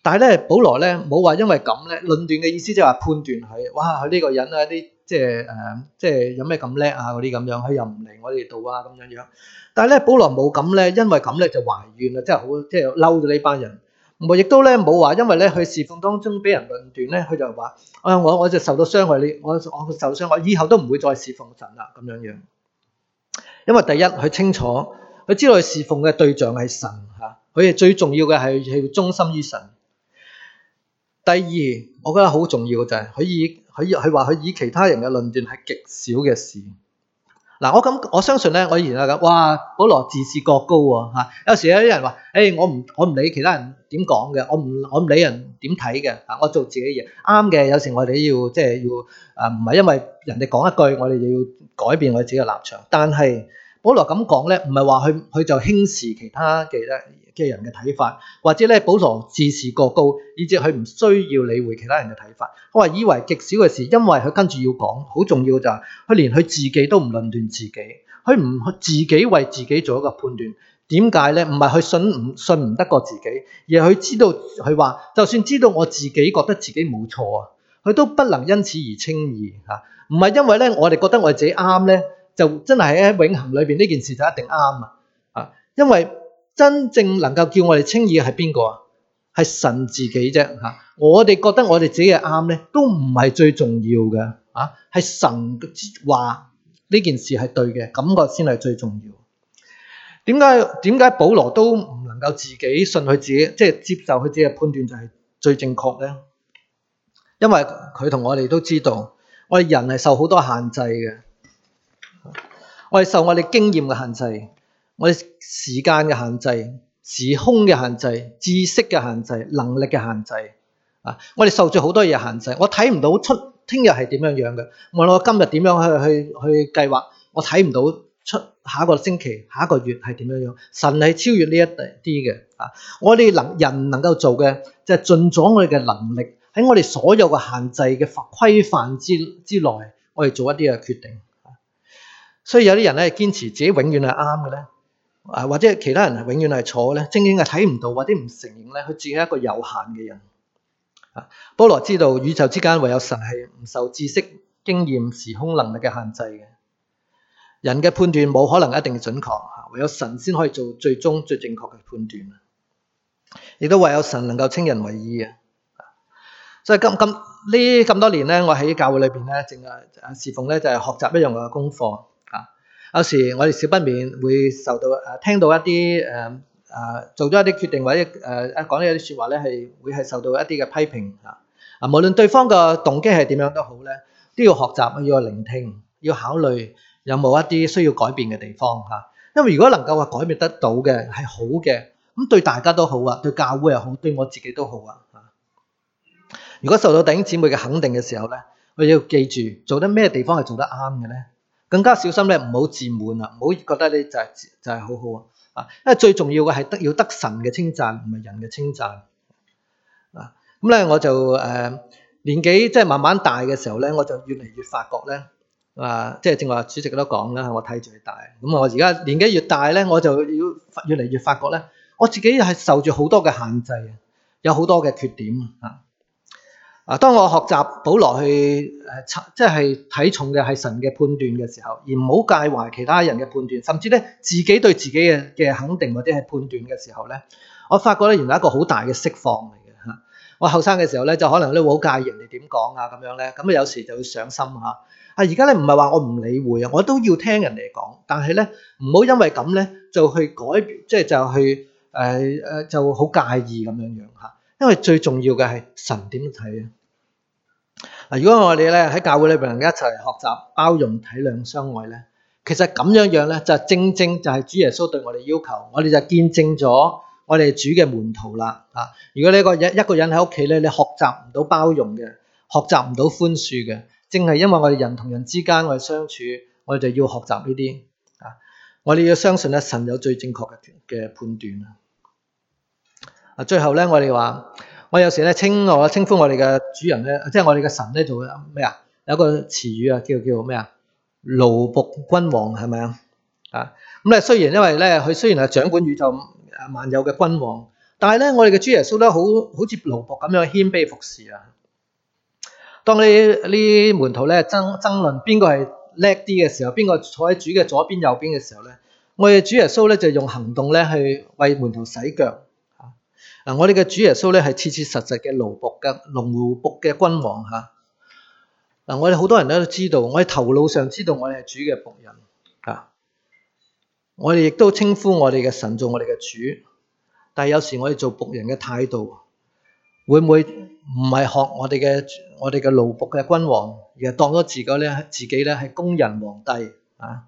但係咧，保羅咧冇話因為咁咧論斷嘅意思，即係話判斷佢，哇，佢、這、呢個人啊啲。即係誒、呃，即係有咩咁叻啊？嗰啲咁樣，佢又唔嚟我哋度啊，咁樣樣。但係咧，保羅冇咁咧，因為咁咧就懷怨啦，即係好，即係嬲咗呢班人。唔係，亦都咧冇話，因為咧佢侍奉當中俾人論斷咧，佢就話：，啊、哎，我我就受到傷害，害，你我我受傷害，我以後都唔會再侍奉神啦，咁樣樣。因為第一，佢清楚，佢知道佢侍奉嘅對象係神吓，佢係最重要嘅係係要忠心於神。第二，我覺得好重要嘅就係佢以。佢佢話佢以其他人嘅論斷係極少嘅事。嗱，我咁我相信咧，我以前係咁。哇，保羅自視過高喎吓。有時有啲人話：，誒、欸，我唔我唔理其他人點講嘅，我唔我唔理人點睇嘅，啊，我做自己嘢啱嘅。有時我哋要即係要啊，唔係因為人哋講一句，我哋就要改變我哋自己嘅立場。但係。保羅咁講咧，唔係話佢佢就輕視其他嘅咧嘅人嘅睇法，或者咧保羅自視過高，以至佢唔需要理會其他人嘅睇法。佢話以為極少嘅事，因為佢跟住要講好重要就係，佢連佢自己都唔論斷自己，佢唔自己為自己做一個判斷。點解咧？唔係佢信唔信唔得過自己，而係佢知道佢話，就算知道我自己覺得自己冇錯啊，佢都不能因此而輕易。吓、啊，唔係因為咧我哋覺得我自己啱咧。就真係喺永恆裏邊呢件事就一定啱啊！啊，因為真正能夠叫我哋稱義嘅係邊個啊？係神自己啫吓、啊！我哋覺得我哋自己係啱咧，都唔係最重要嘅啊！係神話呢件事係對嘅，感覺先係最重要。點解點解保羅都唔能夠自己信佢自己，即係接受佢自己嘅判斷就係最正確咧？因為佢同我哋都知道，我哋人係受好多限制嘅。我哋受我哋經驗嘅限制，我哋時間嘅限制、時空嘅限制、知識嘅限制、能力嘅限制啊！我哋受咗好多嘢限制，我睇唔到出聽日係點樣樣嘅，無論我今日點樣去去去計劃，我睇唔到出下一個星期、下一個月係點樣樣。神係超越呢一啲嘅啊！我哋能人能夠做嘅就係盡咗我哋嘅能力，喺我哋所有嘅限制嘅法規範之之內，我哋做一啲嘅決定。所以有啲人咧堅持自己永遠係啱嘅咧，啊或者其他人係永遠係錯嘅咧，正正係睇唔到或者唔承認咧，佢自己係一個有限嘅人。啊，保羅知道宇宙之間唯有神係唔受知識、經驗、時空能力嘅限制嘅。人嘅判斷冇可能一定準確，唯有神先可以做最終最正確嘅判斷。亦都唯有神能夠稱人為義啊！所以咁咁呢咁多年咧，我喺教會裏邊咧，淨係侍奉咧就係學習一樣嘅功課。有時我哋少不免會受到誒聽到一啲誒誒做咗一啲決定或者誒、呃、一講呢一啲説話咧，係會係受到一啲嘅批評啊！啊，無論對方嘅動機係點樣都好咧，都要學習要聆聽，要考慮有冇一啲需要改變嘅地方嚇、啊。因為如果能夠話改變得到嘅係好嘅，咁對大家都好啊，對教會又好，對我自己都好啊。如果受到弟兄姊妹嘅肯定嘅時候咧，我哋要記住做得咩地方係做得啱嘅咧，更加小心咧，唔好自滿啦，唔好覺得你就係、是、就係、是、好好啊！啊，因為最重要嘅係得要得神嘅稱讚，唔係人嘅稱讚啊！咁咧我就誒、呃、年紀即係慢慢大嘅時候咧，我就越嚟越發覺咧啊！即係正話主席都講啦，我睇住佢大。咁我而家年紀越大咧，我就要越嚟越發覺咧，我自己係受住好多嘅限制，有好多嘅缺點啊！啊！當我學習保羅去誒即係睇重嘅係神嘅判斷嘅時候，而唔好介懷其他人嘅判斷，甚至咧自己對自己嘅嘅肯定或者係判斷嘅時候咧，我發覺咧原來一個好大嘅釋放嚟嘅嚇。我後生嘅時候咧，就可能咧好介意人哋點講啊咁樣咧，咁啊有時就會上心嚇。啊而家咧唔係話我唔理會啊，我都要聽人哋講，但係咧唔好因為咁咧就去改變，即係就去誒誒就好介意咁樣樣嚇。因為最重要嘅，係神點睇啊！如果我哋咧喺教會裏邊能一齊學習包容、體諒、相愛咧，其實咁樣樣咧就正正就係主耶穌對我哋要求，我哋就見證咗我哋主嘅門徒啦啊！如果呢個一一個人喺屋企咧，你學習唔到包容嘅，學習唔到寬恕嘅，正係因為我哋人同人之間我哋相處，我哋就要學習呢啲啊！我哋要相信咧，神有最正確嘅嘅判斷啊！啊！最後咧，我哋話我有時咧稱我稱呼我哋嘅主人咧，即係我哋嘅神咧，做咩啊？有一個詞語啊，叫叫咩啊？奴僕君王係咪啊？啊咁咧，雖然因為咧，佢雖然係掌管宇宙萬有嘅君王，但係咧，我哋嘅主耶穌咧，好好似奴僕咁樣謙卑服侍啊。當你呢門徒咧爭爭論邊個係叻啲嘅時候，邊個坐喺主嘅左邊右邊嘅時候咧，我哋主耶穌咧就用行動咧去為門徒洗腳。嗱，我哋嘅主耶穌咧係切切實實嘅奴僕嘅，奴僕嘅君王吓。嗱，我哋好多人都知道，我喺頭腦上知道我哋係主嘅僕人啊。我哋亦都稱呼我哋嘅神做我哋嘅主，但係有時我哋做僕人嘅態度，會唔會唔係學我哋嘅我哋嘅奴僕嘅君王，而係當咗自己咧自己咧係工人皇帝啊？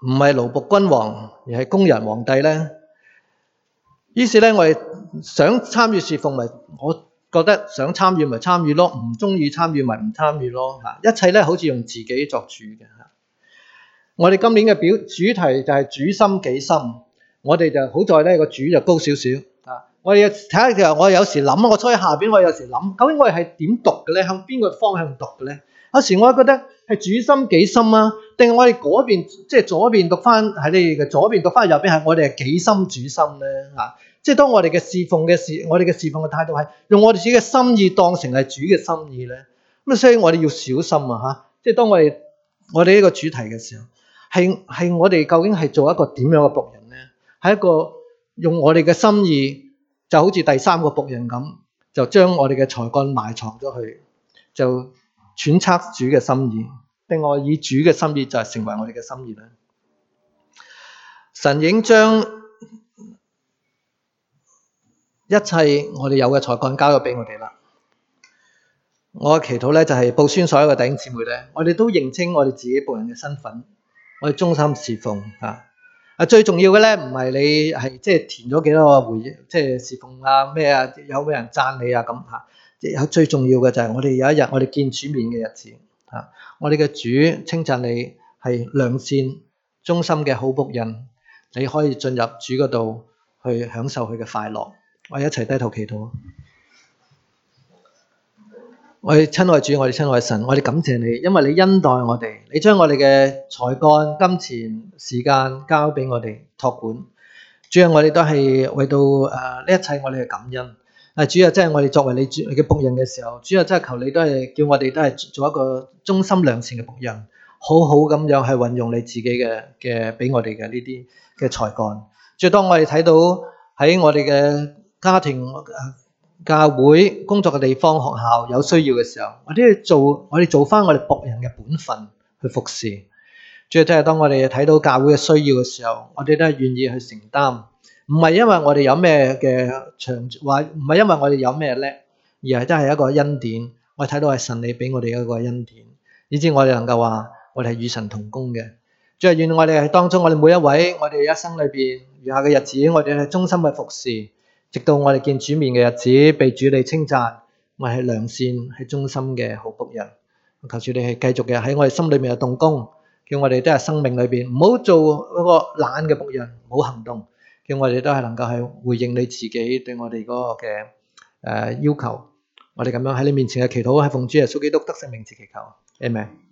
唔係奴僕君王，而係工人皇帝咧？於是咧，我哋想參與事奉咪，我覺得想參與咪參與咯，唔中意參與咪唔參與咯。嚇，一切咧好似用自己作主嘅嚇。我哋今年嘅表主題就係主心己心，我哋就好在咧個主就高少少。啊，我哋睇下其實我有時諗，我坐喺下邊，我有時諗究竟我哋係點讀嘅咧？向邊個方向讀嘅咧？有時我覺得係主心己心啊，定係我哋嗰邊即係左邊讀翻喺你哋嘅左邊讀翻右邊係我哋係己心主心咧？嚇！即係當我哋嘅侍奉嘅事，我哋嘅侍奉嘅態度係用我哋自己嘅心意當成係主嘅心意咧。咁所以我哋要小心啊！嚇，即係當我哋我哋呢個主題嘅時候，係係我哋究竟係做一個點樣嘅僕人咧？係一個用我哋嘅心意，就好似第三個僕人咁，就將我哋嘅才幹埋藏咗去，就揣測主嘅心意，另外，以主嘅心意就係成為我哋嘅心意咧。神已經將。一切我哋有嘅才幹交咗俾我哋啦。我嘅祈禱咧就係、是、報宣，所有弟兄姊妹咧，我哋都認清我哋自己僕人嘅身份，我哋忠心侍奉啊。啊，最重要嘅咧唔係你係即係填咗幾多個回憶，即係侍奉啊咩啊，有冇人讚你啊咁吓。有最重要嘅就係我哋有一日我哋見主面嘅日子啊，我哋嘅主稱讚你係良善、忠心嘅好僕人，你可以進入主嗰度去享受佢嘅快樂。我哋一齊低頭祈禱。我哋親愛主，我哋親愛神，我哋感謝你，因為你恩待我哋，你將我哋嘅才幹、金錢、時間交俾我哋託管。主要我哋都係為到誒呢、呃、一切，我哋嘅感恩。誒，主要即係我哋作為你嘅僕人嘅時候，主要真係求你都係叫我哋都係做一個忠心良善嘅僕人，好好咁又係運用你自己嘅嘅俾我哋嘅呢啲嘅才幹。最當我哋睇到喺我哋嘅。家庭、教會、工作嘅地方、學校有需要嘅時候，我哋要做我哋做翻我哋僕人嘅本分去服侍。主要係當我哋睇到教會嘅需要嘅時候，我哋都係願意去承擔，唔係因為我哋有咩嘅長話，唔係因為我哋有咩叻，而係真係一個恩典。我睇到係神你俾我哋一個恩典，以至我哋能夠話我哋係與神同工嘅。最願我哋係當中，我哋每一位，我哋一生裏邊餘下嘅日子，我哋係忠心去服侍。直到我哋見主面嘅日子，被主理稱讚，我係良善、係忠心嘅好僕人。求主你係繼續嘅喺我哋心裏面嘅動工，叫我哋都係生命裏邊唔好做嗰個懶嘅僕人，唔好行動，叫我哋都係能夠係回應你自己對我哋嗰個嘅誒要求。我哋咁樣喺你面前嘅祈禱，係奉主耶穌基督得勝名字祈求，阿門。